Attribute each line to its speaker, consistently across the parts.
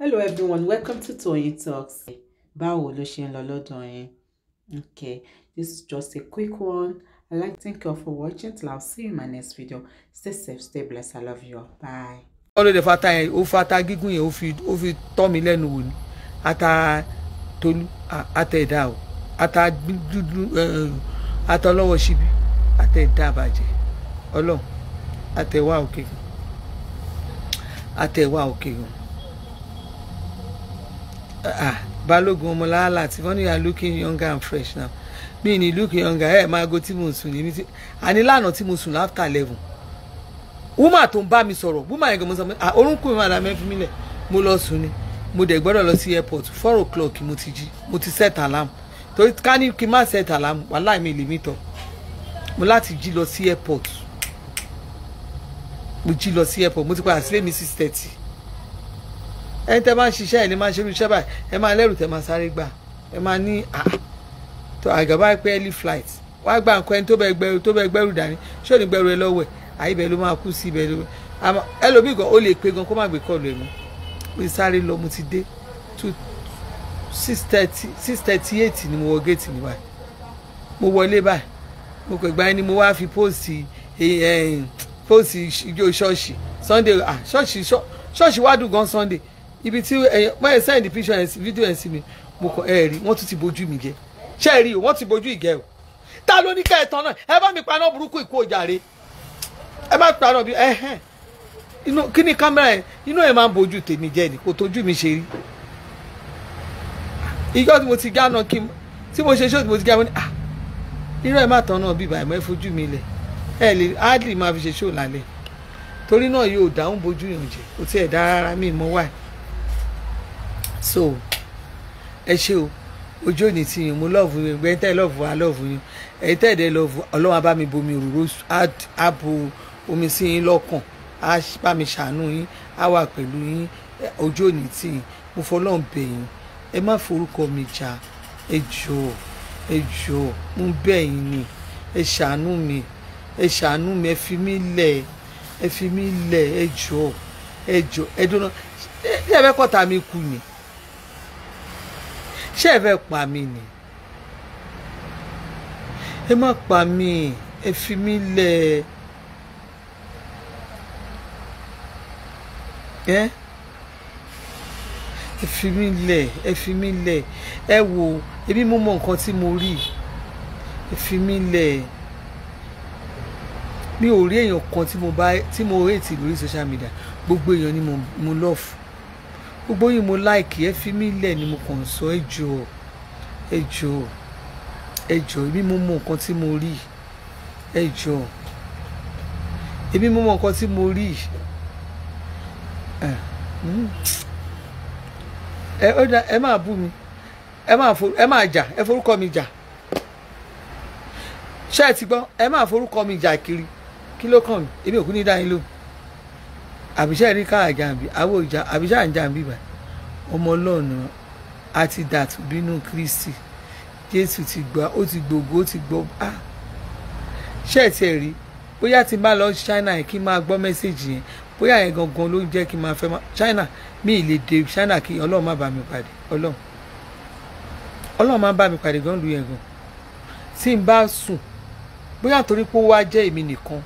Speaker 1: hello everyone welcome to Toyeen Talks báwo ló ṣe ń lọ lọ́dọ̀ yín okay this is just a quick one i like to thank you all for watching till i'll see you in my next video stay safe stay blessed i love you all bye. ọlọ́dẹ fata yẹn ó fata gígùn yẹn ó fi tọ́ mi lẹ́nu wò ni ata tolu ata ẹ̀dá o ata dúdú ata ọlọ́wọ́ síbi ata ẹ̀dá àbàjẹ́ ọlọ́run ata ẹ̀wá òkè ata ẹ̀wá òkè gan. Ah, ah, balógun ọmọláàlà tí wọ́n ní you are looking younger and fresh now mi ni look younger ẹ̀ máa go tí mo sùn ní ti àní lánàá tí mo sùn láfta eleven woman tó ń bá mi sọ̀rọ̀ woman yẹn gan mo sọ pé ah, orúnkún mi máa dá mẹ́fí mi lẹ̀ mo lọ sùn ni mo dẹ̀ gbọ́dọ̀ lọ sí airport four o'clock mo ti jí mo ti set alarm torí ká ní kí n má set alarm wàhálà mi lè mi tọ̀ mo láti jí lọ sí airport mo jí lọ sí airport mo ti padà sílé mi six thirty ẹni tẹ́ bá ń ṣiṣẹ́ ẹ̀ ní máa ṣe irú iṣẹ́ báyìí ẹ máa lẹ́rù tẹ́ máa sáré gbà ẹ máa ní ah, ah. tó àgàbá pé early flight wá gba nǹkan ẹni tó bẹ gbẹrù tó bẹ gbẹrù dání ṣé ò gbẹrù ẹ lọ́wọ́ ẹ̀ àyíbẹ̀ ló máa kú sí ibẹ̀ ló ẹlòmíì gan ó lè pe gan kó má gbé kọlù ẹ̀mí mo ti sáré lọ mo ti dé two six thirty six thirty eight ni mo wọ géètì ní báyìí mo wọlé báyìí mo pè gbáyé ni mo wá fi póòsì eh, póòsì ijó ṣọ́ọ̀ṣì sunday ah, ṣọ́ọ̀ṣì ṣọ́ọ̀ṣì wá dùn gan sunday ibi tí ẹ̀yàn má yẹ send picture ẹ̀ sí fídíò ẹ̀ sí mi mo kàn ẹ̀ rí wọ́n tún ti bójú mi jẹ ṣé rí o wọ́n ti bójú ìgẹ́ o ta ló ní kẹ́ẹ̀tàn náà ẹ bá mi paná burúkú ìkó òjàre ẹ má paná bí ẹ̀hẹ́n inú kí ni kámẹ́rà yẹn inú ẹ̀ máa ń bójú tèmi jẹ ni kò tójú mi ṣe rí ìjọ́ tí mo ti gánà kí tí mo ṣe ṣó tí mo ti gánà ní ah irú ẹ̀ má tán náà bíbá ẹ̀ mọ́ ẹ fojú mi lẹ̀ ẹ lè hardly máa fi ṣe ṣó lálẹ́ torí náà yóò dáhùn bójú yàn jẹ kò tiẹ̀ dá rárá mi mọ́ wáyé so ẹ ṣe o ojú òní ti yìn mo lọ́ọ̀fù yín ẹgbẹ́ tẹ́ lọ́ọ̀fù wa lọ́ọ̀fù yín ẹ̀yin tẹ́ ẹ̀dẹ́ lọ́ọ̀fù ọlọ́wọ́n bá mi bomi òróró á bu omi sí yín lọ́kàn á bá mi ṣàánú yín á wà pẹ̀lú yín ojú òní ti yìn mo fọlọ́ọ̀n bẹ̀ yín ẹ má forúkọ mi jà ẹ jọ̀ọ́ ẹ jọ̀ọ́ mo bẹ̀ yín ni ẹ ṣàánú mi ẹ ṣàánú mi ẹ fi mí lẹ̀ ẹ fi mí lẹ̀ ẹ jọ̀ọ́ ẹ jọ̀ọ́ ẹ dúró ṣé ẹ fẹ́ kọ́ta mi kú ni ṣé ẹ fẹ́ pa mí ni ẹ má pa mí ẹ fi mí lẹ̀ ẹ ẹ fi mí lẹ̀ ẹ fi mí lẹ̀ ẹ wò ebi mo mọ nǹkan tí mo rí ẹ fi mí lẹ̀ mi ò rí èèyàn kan tí mo bá lórí social media gbogbo èèyàn ni mo love gbogbo yìí mo láìkì ẹ fi mí lẹ̀ ni mo kàn sọ ẹ jọ ẹ jọ ẹ jọ èmi mo mọ nǹkan tí mo rí ẹ jọ èmi mo mọ nǹkan tí mo rí hmm. ẹ máa bú mi ẹ máa jà ẹ forúkọ mi jà ṣé ẹ ti gbọ́ ẹ máa forúkọ mi jà kiri kí ló kàn mí èmi ò kú ní dáhìn lóhùn àbíṣẹ́ rí káà jàǹbí àwọ̀ ìjà àbíṣẹ́ àǹjàǹbí bá ọmọ ọlọ́ọ̀nà àti dàtú bínú Kristi Jésù ti gbà ó ti gbògo ó ti gbọ́ á ah! ṣe ẹ̀ tiẹ̀ rí bóyá tí n lọ China kí n máa gbọ́ mẹ́sẹ̀gì yẹn bóyá yẹn gangan ló ń jẹ́ kí n máa fẹ́ máa China mi ì lè dé China kí Ọlọ́run má bá mi pàdé Ọlọ́run Ọlọ́run má bá mi pàdé gan lu yẹn gan tí n bá sùn bóyá torí pé ó wá jẹ́ èmi nìkan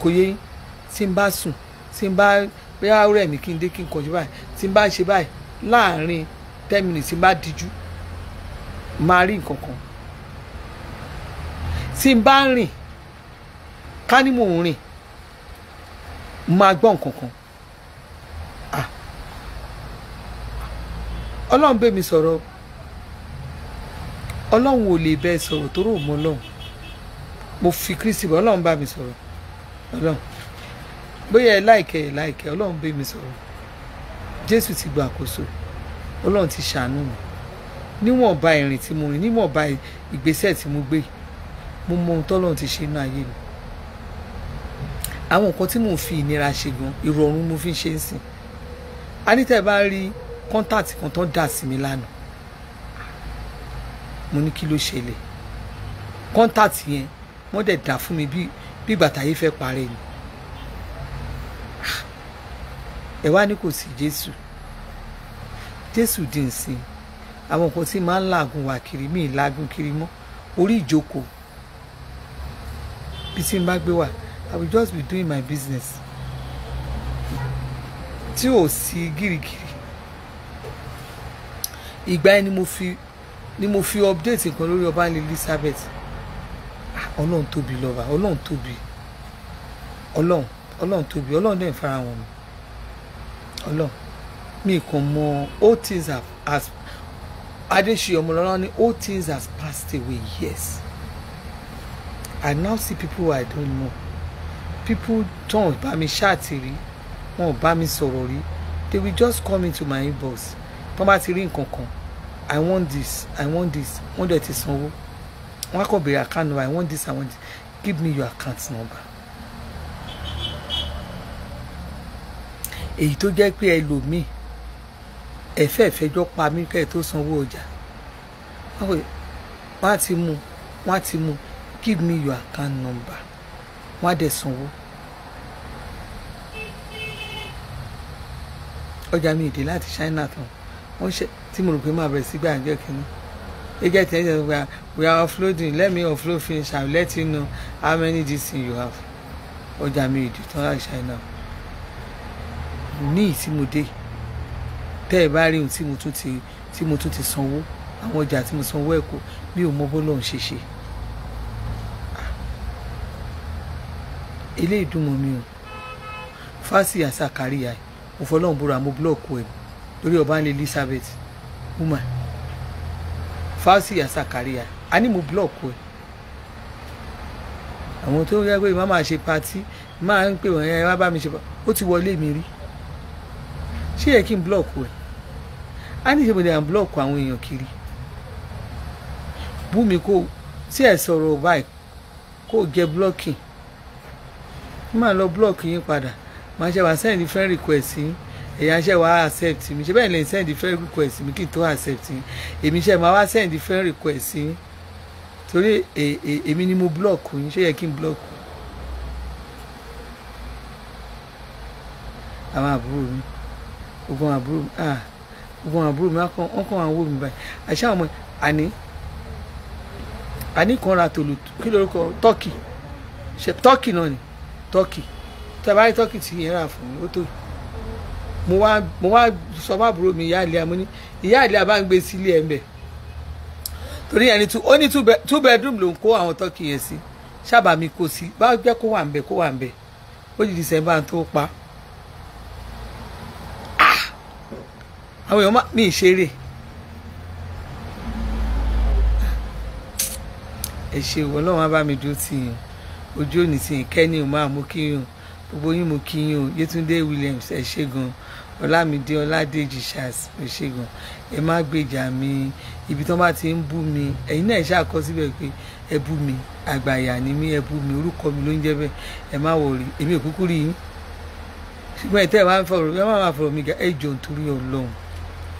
Speaker 1: kò yẹ yín tí n bá sùn tí n bá bóyá rẹ̀ mí kí n dé kí n kọjú báyìí tí n bá ṣe báyìí láàrin ten minutes tí n bá díjú máa rí nǹkan kan tí n bá rìn ká ní mò ń rìn máa gbọ́ nǹkan kan ọlọ́run bẹ́ mi sọ̀rọ̀ ọlọ́run ò lè bẹ́ẹ̀ sọ̀rọ̀ tó rò mọ́ ọlọ́run mo fi kristi bọ́ ọlọ́run bá mi sọ̀rọ̀ ọlọ́run bóyá ẹ láìkẹ́ ẹ láìkẹ́ ọlọ́run bá mi sọ̀rọ̀ jésù ti gba àkóso ọlọ́run ti ṣàánú mi níwọ̀nba ìrìn tí mo rìn níwọ̀nba ìgbésẹ̀ tí mo gbé mo mọ ohun tọ́lọ́run ti ṣe inú ayé mi àwọn nǹkan tí mò ń fi ìnira ṣe gan ìrọ̀rùn mo fi ń ṣe ń sìn anita bá rí kọ́ńtàtì kan tó dà sí mi lánàá mo ní kí ló ṣẹlẹ̀ kọ́ńtàtì yẹn wọ́n dẹ̀ dà fún mi bí bàtà yìí fẹ́ parẹ́ ni ẹ wá ní kò sí jésù jésù di nsìn àwọn nǹkan tí máa ń làágùn wà kiri míì làágùn kiri mọ́ orí ìjókòó bí tí n bá gbé wà i will just be doing my business tí ò sí gírígírí ìgbà yẹn ni mo fi ni mo fi update nǹkan lórí ọba elizabeth ah, ọlọ́run tóbi lọ́ba ọlọ́run tóbi ọlọ́run ọlọ́run tóbi ọlọ́run dẹ̀ fara wọn mi ọlọ mi kò mọ all things have has adesina ọmọlọlọ ni all things has passed away yes i now see people i don't know people turn bá mi ṣáàtì rí wọn ò bá mi sọ̀rọ̀ rí they will just come into my inbox tó bá ti rí nǹkan kan i want this i want this wọ́n dẹ̀ ti sanwó wọ́n á kàn béèrè account number i want this i want this give me your account number èyí tó jẹ́ pé ẹlòmíì ẹ̀fẹ́ ìfẹjọ́ pa mí kẹ́ ẹ̀ tó sanwó ọjà wọ́n á ti mú wọ́n á ti mú give me your account number wọ́n á dẹ̀ sanwó. ọjà mi ìdè láti China tán wọ́n ṣe tí mo rò pé máa bẹ̀rẹ̀ sí gbàǹjọ́ kínní agent ẹ̀ ṣe gba we are offloading let me offload finish and let you know how many dc you have ọjà mi ìdè tán láti China ní ìtí mo dé tẹ́ ẹ bá rí ohun tí mo tún ti tí mo tún ti sanwó àwọn ọjà tí mo sanwó ẹ̀ kó mi ò mọ bọ́lọ̀ ń ṣe ṣe. Ah! ilé ìdúnmọ̀ mi o fásì àṣàkáríyà mo fọlọ́run búra mo búlọ̀kù ẹ̀ lórí ọba ní Elizabeth uma fásì àṣàkáríyà a ní mo búlọ̀kù ẹ̀ àwọn tó ń rẹ́gbẹ́ máa ṣe patí máa ń pè wọ́n ẹ wá bá mi ṣe patí ó ti wọlé mi rí ṣé yẹ kí n blọọkù ẹ á ní ìṣègùn ní à ń blọọkù àwọn èèyàn kiri bú mi kó tí ẹ sọ̀rọ̀ báyìí kó jẹ blọọkì máa lọ blọọkì yín padà máa ṣe wá send friend request yín èyàn ṣe wá accept mi ṣe bẹ́ẹ̀ lè send friend request mi kí n tó accept yín èmi ṣe máa wá send friend request yín torí e, e, èmi ni mo block yín ṣé yẹ kí n block àwọn àbúrò mi ogun àbúrò mi ah ogun àbúrò mi wọn kàn wọn wò mí báyìí àṣà àwọn àní àní kan ra tòlù kí ṣe tọ́kì náà ni tọ́kì tí a bá rí tọ́kì tí yẹn rà fún mi ó tó mo wá mo wá sọ fún àbúrò mi ìyá àlẹ́ àmúní ìyá àlẹ́ àbá ń gbé sílé ẹ̀ ń bẹ̀ torí ẹni tó ó ní two bedroom ló ń kó àwọn tọ́kì yẹn sí ṣábà mi kó sí bá jẹ́ kó wà ń bẹ̀ kó wà ń bẹ̀ ó di December tó pa àwọn èèyàn mi ìṣeré ẹ ṣe ìwọ Ọlọ́run á bá mi dúró tì yín ojú òní tì yín kẹ́ni ò máa mú kí yín gbogbo yín mú kí yín Yétúndé Williams ẹ ṣe gan Ọlámídé Ọládèjì Charles ẹ ṣe gan ẹ má gbèjà mi ibi tí wọ́n bá ti ń bú mi ẹ̀yin náà ṣáà kọ síbẹ̀ pé ẹ bú mi àgbàyà ni mí ẹ bú mi orúkọ mi ló ń jẹ́ bẹ́ẹ̀ ẹ má wọrí èmi ò kúkú rí yín ṣùgbọ́n ẹ̀ tẹ́ ẹ máa ń fọ̀rọ̀ ẹ má máa fọ̀rọ̀ mi gà ẹ jọ̀ọ́ nítorí Ọlọ́run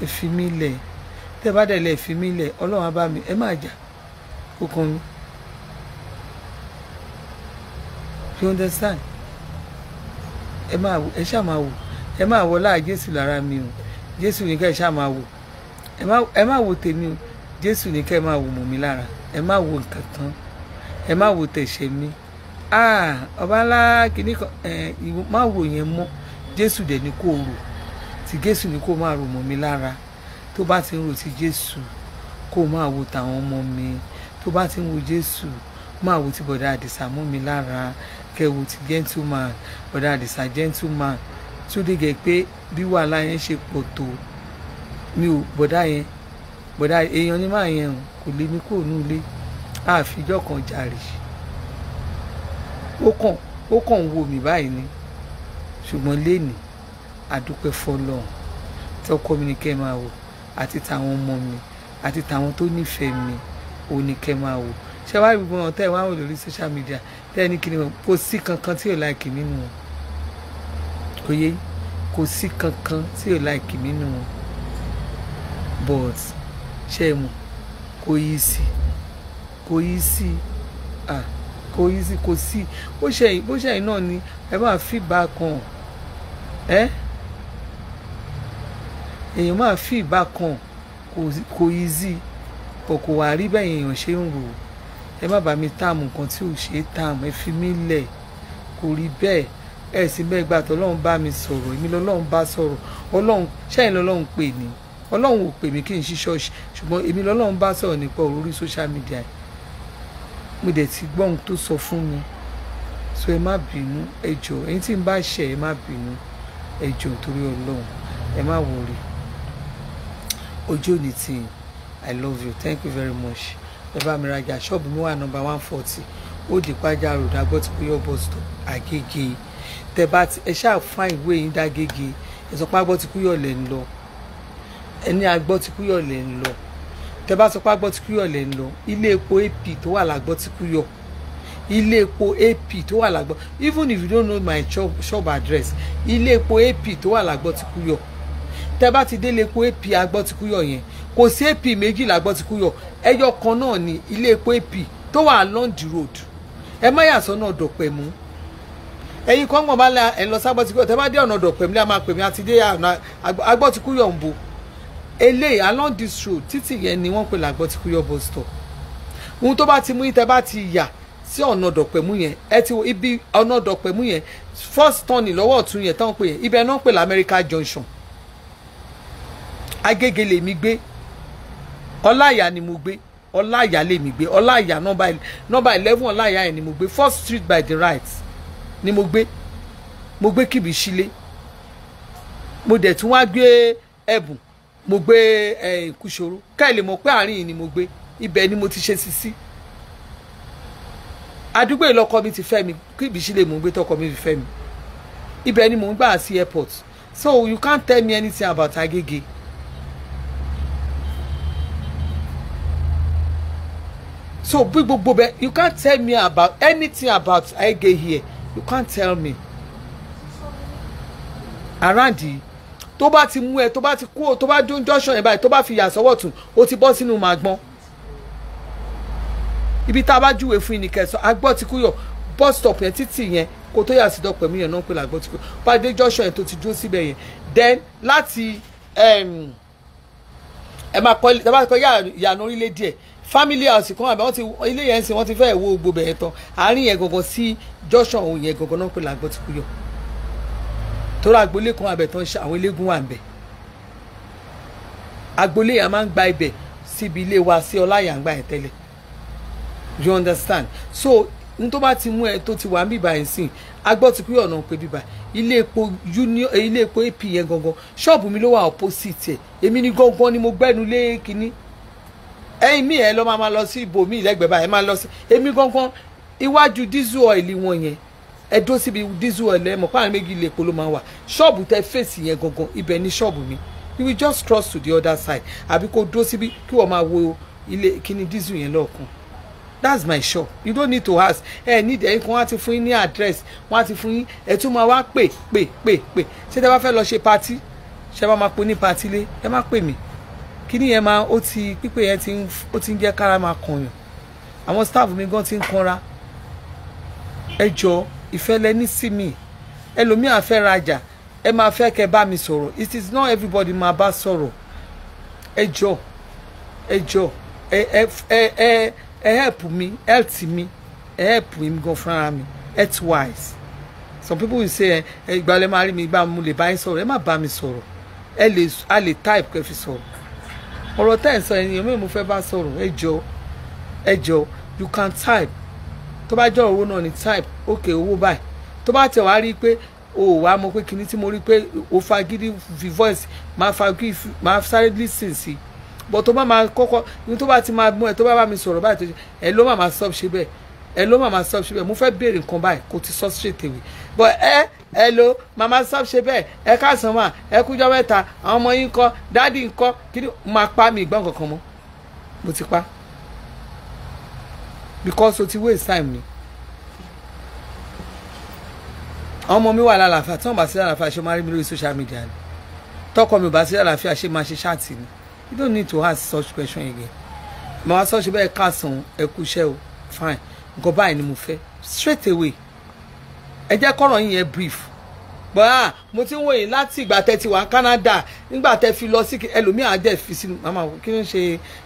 Speaker 1: ẹ fi mí lẹ̀ tẹ́ ẹ bá dẹ̀ lẹ̀ fi mí lẹ̀ ọlọ́run á bá mi ẹ má jà kókó mi you understand ẹ máa wò ẹ ṣáà máa wò ẹ máa wò láà jésù lára mi o jésù nìkan ẹ ṣáà máa wò ẹ má wò tèmi o jésù nìkan ẹ máa wò mọ̀ mi lára ẹ má wò nǹkan tán ẹ má wò tẹ̀sẹ̀ mi ah, ọba ńlá kìnnìkan ẹ má wò yẹn mọ́ jésù dẹ̀ ni kò rò ti jésù ni kó máa rò mọ́ mi lára tó bá ti ń rò ti jésù kó máa wo tàwọn ọmọ mi tó bá ti ń wo jésù máa wo ti bọ̀dá àdìsá mọ́ mi lára kẹwo ti gentleman bọ̀dá àdìsá gentleman tó dé gẹ̀ pé bí wàhálà yẹn ṣe pọ̀ tó mi ò bọ̀dá yẹn bọ̀dá èèyàn ní máa yẹn kò lè mí kúrò ní ilé àfijọ́ kan jàre ó kàn ó kàn ń wo mi báyìí ni ṣùgbọ́n lénìí àdúpẹ́ fọlọ́run tọkọ mi ni kẹ́ máa wò àti tàwọn ọmọ mi àti tàwọn tó nífẹ̀ẹ́ mi ò ní kẹ́ máa wò ṣé wàá rí gbọ́n tẹ́ ẹ̀ wá lórí social media tẹ́ ẹ ní kíni kò sí kankan tí ò láìkì nínú wọn òye kò sí kankan tí ò láìkì nínú wọn but ṣé ẹ mọ̀ kò yí sí kò yí sí ah kò yí sí kò sí bó ṣe yìí náà ni ẹ bá fi bá a kan ẹ èèyàn máa fi ìgbà kan kò yí sí pọ̀ kò wá rí bẹ́ẹ̀ èèyàn ṣe ń rò ẹ má bàa mi táàmù nǹkan tí ò ṣe é táàmù ẹ fi mí lẹ̀ kò rí bẹ́ẹ̀ ẹ sì bẹ́ẹ̀ gbà ọlọ́run bá mi sọ̀rọ̀ èmi lọ́lọ́run bá sọ̀rọ̀ ọlọ́run ṣẹ́yìn lọ́lọ́run pè ní ọlọ́run ò pè mí kí n ṣí ṣọ́ọ̀ṣì ṣùgbọ́n èmi lọ́lọ́run bá sọ̀rọ̀ nípa òrórí social media mo dẹ̀ ti gbọ́ ohun tó sọ fún mi so ẹ má bínú ẹ jọ̀ọ́ ẹ̀yin tí n bá ṣẹ̀ ẹ má bínú ẹ jọ̀ọ́ torí ọlọ́run ẹ má wọrí ojú òní tì i love you thank you very much ẹ bá mi rajà ṣọ́ọ̀bù mi wà nọ́mbà one forty ó di pàjá road agbọ́tìpéyọ́ bus stop àgègè tẹ bá ti ẹ ṣáà fún ìwé yín dá gègé ẹ sọ pé agbọ́tìpéyọ́ lẹ̀ ń lọ ẹ ní agbọ́tìpéyọ́ lẹ̀ ń lọ tẹ bá sọ pé agbọ́tìpéyọ́ lẹ̀ ń lọ ilé epo ap tó wà lágbọ́tìpéyọ́ ilé epo ap tó wà lágbọ́ even if you don't know my shop, shop address ilé epo ap tó wà lágbọ́tìpéyọ́ tẹ bá ti délé epo ap agbọ́tikúyọ̀ yẹn kò sí ap méjìlá agbọ́tikúyọ̀ ẹyọ kan náà ni ilé epo ap tó wà along the road ẹ má yà sọ́nà ọ̀dọ̀pẹ̀mú ẹ̀yin kan gbọ̀n bá la ẹ̀ lọ sí agbọ́tikúyọ̀ tẹ bá dé ọ̀nà ọ̀dọ̀pẹ̀mú lẹ́yìn a máa pè mí àti dé agbọ́tikúyọ̀ ń bo eléyìí along this road títì yẹn ni wọ́n pè lágbọ́tikúyọ̀ bus stop ohun tó bá ti mú yín tẹ bá ti yà sí ọ̀nà ọ̀dọ̀pẹ̀mú yẹn ẹ ti wo ibi ọ̀nà ọ̀dọ̀pẹ̀mú yẹn first turn lọ́wọ́ ọ̀tún yẹn táwọn pè yẹn ibẹ̀ náà pè l'America Junction agége lèmi gbé ọláyà ni mo gbé ọláyà lèmi gbé ọláyà nọ́mbà eleven ọláyà yẹn ni mo gbé first street by the right ni mo gbé mo gbé kìbì sílé mo dẹ̀ tún wá gbé ẹ̀bùn mo gbé ìkúṣòro káì lè mọ̀ pé àárín yìí ni mo gbé ibẹ̀ ni mo ti ṣe sisi àdúgbò ìlọkọ mi ti fẹ́ mi kìbì sílé mo gbé tọkọ mi fi fẹ́ mi ibẹ̀ ni mo ń gbà sí airport so you can't tell me anything about Agege. so bí gbogbo bẹ you can't tell me about anything about Ege here you can't tell me around yìí tó bá ti mú ẹ tó bá ti kú tó bá dún junction yẹn báyìí tó bá fi yà sọ́wọ́ tún ó ti bọ́ sínú màgbọ́n ibi tá a bá júwe fún yín ni kẹsàn án agbọ́ ti kú yọ bus stop yẹn títì yẹn kó tó yà sí dọ́pọ̀ mí yẹn náà pé làgbọ́ ti kú pàdé junction yẹn tó ti dún síbẹ̀ yẹn then láti ẹ máa kọ́ yàrá orílẹ̀ díẹ̀ family house kan àbí wọ́n ti ilé yẹn sìn wọ́n ti fẹ́ẹ̀ wo gbogbo bẹ̀rẹ̀ tán àárín yẹn gangan sí junction òun yẹn gangan náà pé làgbọ́n ti kú yọ torí agboolé kan àbẹ̀ tán àwọn eléégún wà nbẹ̀ agboolé yẹn a máa ń gba ibẹ̀ síbi ilé wa sí ọláyàngbà yẹn tẹ́lẹ̀ you understand so n tó bá ti mú ẹ tó ti wà níbà yẹn sìn agbọ́ ti kú ọ̀nà pé bíbà ilé epo union ilé epo ap yẹn gangan ṣọ́ọ̀bù mi ló wà opposite ẹ̀ èmi ni gangan ni mo gbẹ́nu lé kínní ẹ̀yin mi ẹ lọ máa lọ sí ibòmíì lẹ́gbẹ̀ẹ́ báyìí ẹ máa lọ sí èmi gangan iwájú dísù ọ̀ìlì wọn yẹn ẹ dó síbi dísù ọ̀ìlì ẹ mọ̀ páàrin méjì lè polo máa wà ṣọ́ọ̀bù tẹ fèsì yẹn gangan ibẹ̀ ni ṣọ́ọ̀bù mi you will just cross to the other side àbí kó dó síbi kí wọ́n máa wo ilé kíní dísù yẹn lọ́ọ̀kan that's my shop you don't need to ask ẹ ní ìdẹ́yìn kan wọ́n á ti fún yín ní address wọ́n á ti fún yín ẹ tún máa wá pè pè pè pè ṣé tẹ bá fẹ́ lọ ṣe patí ṣé bá máa pè ní patí lé ẹ má pè mí kíní yẹn máa ó ti pípé yẹn ti ń ó ti ń jẹ́ kára máa kànyàn àwọn staff mi gan ti ń kanra ẹ jọ ìfẹ́ ní sí mi ẹlòmíà fẹ́ rajà ẹ máa fẹ́ kẹ́ bá mi sọ̀rọ̀ it is not everybody máa bá sọ̀rọ̀ ẹ jọ ẹ jọ ẹ ẹ ẹ help me health me. ẹ help mi gan fúnra mi health wise some people will say ẹ ìgbàlẹ̀ máa rí mi ìgbà mo lè bá yín sọ̀rọ̀ ẹ má bá mi sọ̀rọ̀ ẹ lè a lè type kẹ́ fi sọ̀rọ̀ ọ̀rọ̀ tẹ́ ẹ̀ sọ ènìyàn mẹ́rin mo fẹ́ bá sọ̀rọ̀ ẹ jọ ẹ jọ you can type tó bá jọ owó náà ni type okay owó báyìí tó bá tẹ̀ wá rí i pé o ò wá mọ̀ pé kinní tí mo rí i pé o fagídí fi voice máa fagídí máa sáré listen sí i bọ̀ tó bá máa kọ́kọ́ ní tó bá ti máa mú ẹ tó bá bá mi sọ̀rọ̀ báyìí tó ṣe ẹ ló má máa stop ṣe bẹ́ẹ̀ ẹ ló má máa stop ṣe bẹ́ẹ̀ mo fẹ́ béèrè nǹkan báyìí kò ti sọ straight but ẹ ẹ lo mama sáp ṣe bẹ́ẹ̀ ẹ káàsán wà ẹ kújọ́ mẹ́ta àwọn ọmọ yín kọ́ dáàdì ń kọ́ kí ni máa pa mi ìgbọ́n kankan mọ́ mo ti pa because o ti waste time ni àwọn ọmọ mi wà lálàáfíà tí wọn bá sí lálàáfíà ṣe máa rí mi lórí social media ni tọkọ mi ò bá sí lálàáfíà ṣe máa ṣe ṣáàtì ni you don't need to ask such question again màá sọ ṣe bẹ́ẹ̀ káàsán ẹ kúṣẹ́ o fine nǹkan báyìí ni mo fẹ́ straight away ẹ jẹ́ kọ́rọ̀ yín yẹn brief gbọ́n mo ti ń wòye láti ìgbà tẹ́ ti wà Canada nígbà tẹ́ fi lọ sí ẹlòmíà á dẹ̀ fi sínú màmá kí ló ń ṣe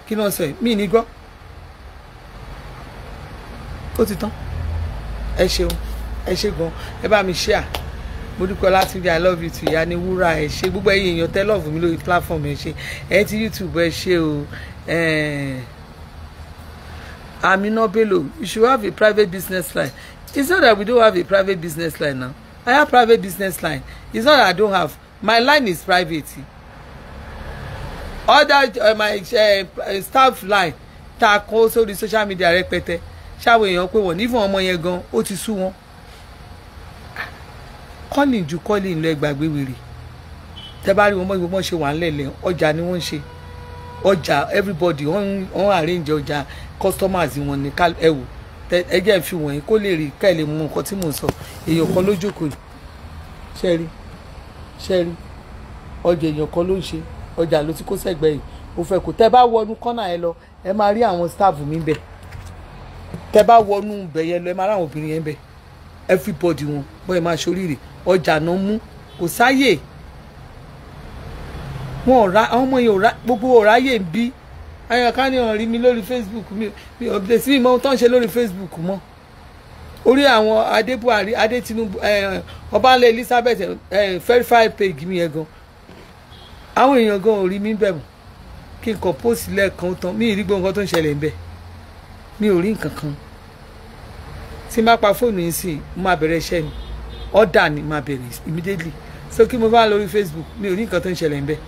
Speaker 1: kí ló ń sọ yìí mí ní gbọ́ ó ti tán ẹ ṣeun ẹ ṣe gan ẹ bá mi ṣe à mo dúpẹ́ Ọlátúnjí i love you to. ìyá ni wúrà ẹ ṣe gbogbo ẹ̀yin èèyàn tẹ́ lọ́ọ̀fù mi lórí platform ẹ ṣe ẹ ti YouTube ẹ ṣe o Amina Bello you should have a private business line It's not that we don't have a private business line now. I have private business line. It's not that I don't have. My line is private. Other uh, my uh, staff line ta also the social media rẹpẹtẹ Shall we pé Even nífọ̀n ọmọ yẹn Otisu, ó ti sú wọn. Kọ́lìn ju kọ́lìn lọ ẹgbàgbé woman Tẹ́ bá rí wọn mọ́ ìgbìmọ̀ ṣe wà ń lẹ̀lẹ̀ ni wọ́n ń ṣe. everybody on ń arrange ọjà customers in ní call wò ẹ jẹ́ fi wọ̀nyí kó lè rí ká ẹ lè mú nǹkan tí mò ń sọ èèyàn kan lójókòó yìí ṣẹ́rí ṣẹ́rí ọjà èèyàn kan ló ń ṣe ọjà ló ti kó sẹ́gbẹ́ yìí ó fẹ́ kó tẹ́ bá wọnú kọ́nà ẹ lọ ẹ máa rí àwọn staff mi bẹ̀ tẹ́ bá wọnú bẹ̀ yẹn lọ ẹ máa rí obìnrin yẹn bẹ̀ everybody wọn bọ́ ẹ máa ṣoríire ọjà náà mú kò sáyè wọn ò ra àwọn ọmọ yẹn ò ra gbogbo ò ráyè ń bí ayọ̀ká ni ọ̀rí mi lórí facebook mi mi update sí ìmọ̀ tó ń ṣe lórí facebook mọ́ orí àwọn adé buhari adé tinubu ọbańlé elizabeth verify page mi yẹn gan àwọn èèyàn gan ò rí mi bẹ̀ mọ́ kí n kàn post lẹ́ẹ̀kan tán mi ìrí gbọ́ nǹkan tó ń ṣẹlẹ̀ ń bẹ̀ mi ò rí nǹkan kan tí má pa fóònù yìí sí mo máa bẹ̀rẹ̀ iṣẹ́ ni ọ̀dà ni máa bẹ̀rẹ̀ immediately so kí mo bá lórí facebook mi ò rí nǹkan tó ń ṣẹlẹ̀ ń bẹ̀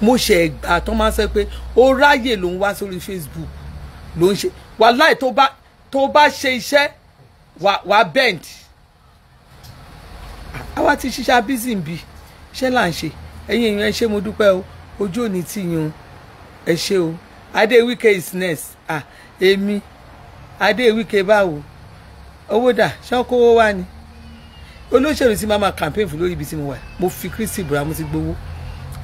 Speaker 1: mo ṣe ẹgbà tó máa ń sọ pé ó ráyè ló ń wá sórí facebook ló ń ṣe wàláì tó bá tó bá ṣe iṣẹ́ wà bend àwa ti ṣiṣẹ́ abísìn bíi ṣé là ń ṣe ẹ̀yin èèyàn ẹ ṣé mo dúpẹ́ o ojú òní ti yan ẹ ṣé o adéwíkẹ́ is next ah èmi adéwíkẹ́ báwo owó dà ṣánkówó wá ni olóṣèlú ti máa ma campaign fún lórí ibi tí mo wà mo fi kristi bùrà ti gbowó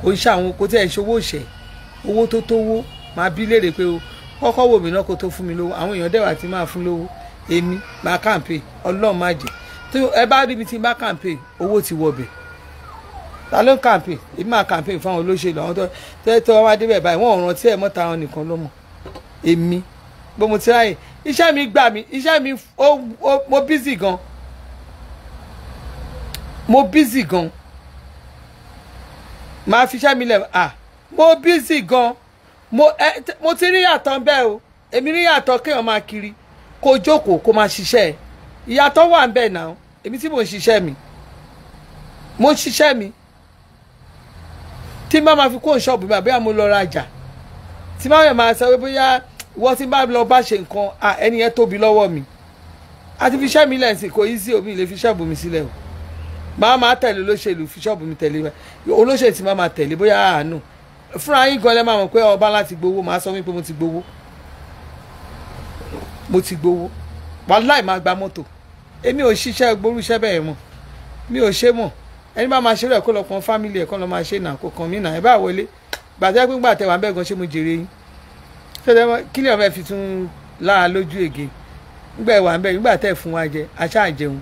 Speaker 1: kò ń ṣe àwọn kò tí ẹ̀ ń ṣe owó ìṣẹ́ owó tó tówó máa bí léèrè pé o kọ́kọ́ wò mí náà kó tó fún mi lówó àwọn èèyàn dẹ̀wà ti máa fún lówó èmi máa kàǹpé ọlọ́run má jẹ́ tó ẹ bá rí mi ti bá kàǹpé owó ti wọbẹ̀ ta ló ń kàǹpé èmi máa kàǹpé fáwọn olóṣèlú àwọn tó tó wá débẹ̀ báyìí wọ́n ò rántí ẹ̀ mọ́ta wọn nìkan ló èmi bó mo ti ráyè iṣẹ́ mi gbà mí iṣẹ́ mi mo bízì gan mo bízì gan máa fi iṣẹ́ mi lẹ̀ à mo busy gan mo ẹ mo ti rí yàtọ̀ bẹ́ẹ̀ o èmi rí yàtọ̀ kéèyàn máa kiri kó jókòó kó máa ṣiṣẹ́ ìyàtọ̀ wà ń bẹ̀ náà èmi tí mò ń ṣiṣẹ́ mi mo ń ṣiṣẹ́ mi tí n bá máa fi kó ṣọ́ọ̀bù mi àbí àmú lọ rajà tí n bá yẹ̀ máa sọ pé bóyá wọ́n ti bá lọ bá ṣe nǹkan ẹni yẹn tóbi lọ́wọ́ mi àti fi iṣẹ́ mi lẹ̀ sí kò easy o mi lè fi ṣọ́ọ̀bù mi sílẹ̀ o máa máa tẹ̀lé olóṣèlú fi ṣọ́ọ̀bù mi tẹ̀lé olóṣèlú ti máa máa tẹ̀lé bóyá àánú fúnra yín gan lẹ́ máa mọ̀ pé ọba láti gbowó máa sọ wípé mo ti gbowó mo ti gbowó wàláì máa gba mọ́tò èmi ò ṣiṣẹ́ gbórúṣẹ́ bẹ́ẹ̀ mọ̀ mi ò ṣe mọ̀ ẹni bá máa ṣe rẹ̀ kó lọ pọn fámìlì ẹ̀ kó lọ máa ṣe nà kó kàn mí nà ẹ bá wọlé gbàtẹ́ pé gbàtẹ́ wà bẹ́ẹ̀ gan ṣé mo jèrè yín kí lè ọmọ ẹ fi tún lára lójú ègè ńgbà ẹ wà bẹ́ẹ̀ nígbà fún wa jẹ aṣáà jẹun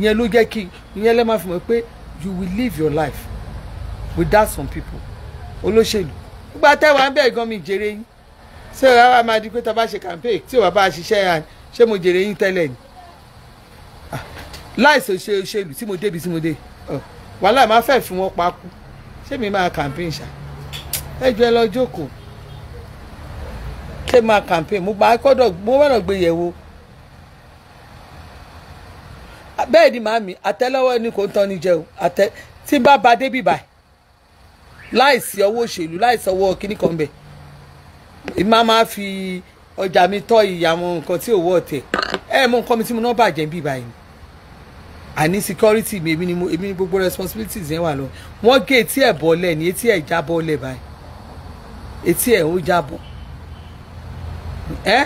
Speaker 1: ìyẹn ló jẹ́ kí ìyẹn lẹ́ẹ̀ máa fi mọ̀ pé you will live your life without some people olóṣèlú gbogbo àtẹ̀wá ń bẹ̀ gan mi jèrè yín ṣé ìwà wa máa di pé tá a bá ṣe campaign tí ìwà bá ṣiṣẹ́ ṣé mo jèrè yín tẹ́lẹ̀ ni ah, láìsí ṣe òṣèlú tí mo débi tí mo dé oh, wàhálà máa fẹ́ fi wọn pa kú ṣé mi máa campaign ṣá ẹ jọ ẹ lọ jókòó ṣé máa campaign mo gbọ́dọ̀ gbé yẹ̀wò bẹ́ẹ̀ ni màmí àtẹ́lẹwọ́ ni kò ń tán ni jẹ o àtẹ tí bá ba débi báyìí láìsí ọwọ́ òṣèlú láìsí ọwọ́ kíní kan bẹ̀ ìmá máa fi ọjà mi tọ́ ìyàwó nǹkan tí òwò ọ̀tẹ̀ ẹ mọ nǹkan mi tí mo náà bàjẹ́ bí báyìí àní security mi èmi ni mo èmi ni gbogbo responsibilities yẹn wà lọ wọ́n gé etí ẹ̀ bọ́lẹ̀ ni etí ẹ̀ já bọ́lẹ̀ báyìí etí ẹ̀ ó já bọ́ ẹ́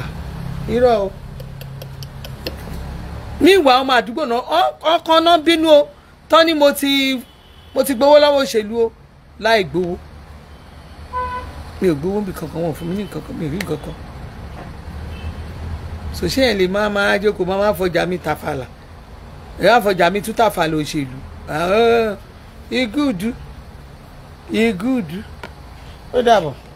Speaker 1: ah, irọ́ o meanwhile ọmọ àdúgbò náà ọkàn náà bínú o tán ni mo ti mo ti gbowó lọ́wọ́ òṣèlú o láì gbowó mi ò gbowó bí kankan wọn fún mi ní kankan mi ò rí kankan sòṣè ẹ̀ lè máa máa jókòó máa máa fọjà mi tàfàlà ẹ̀rọ àfọjà mi tún tàfàlà òṣèlú igúdú igúdú ó dàbọ̀.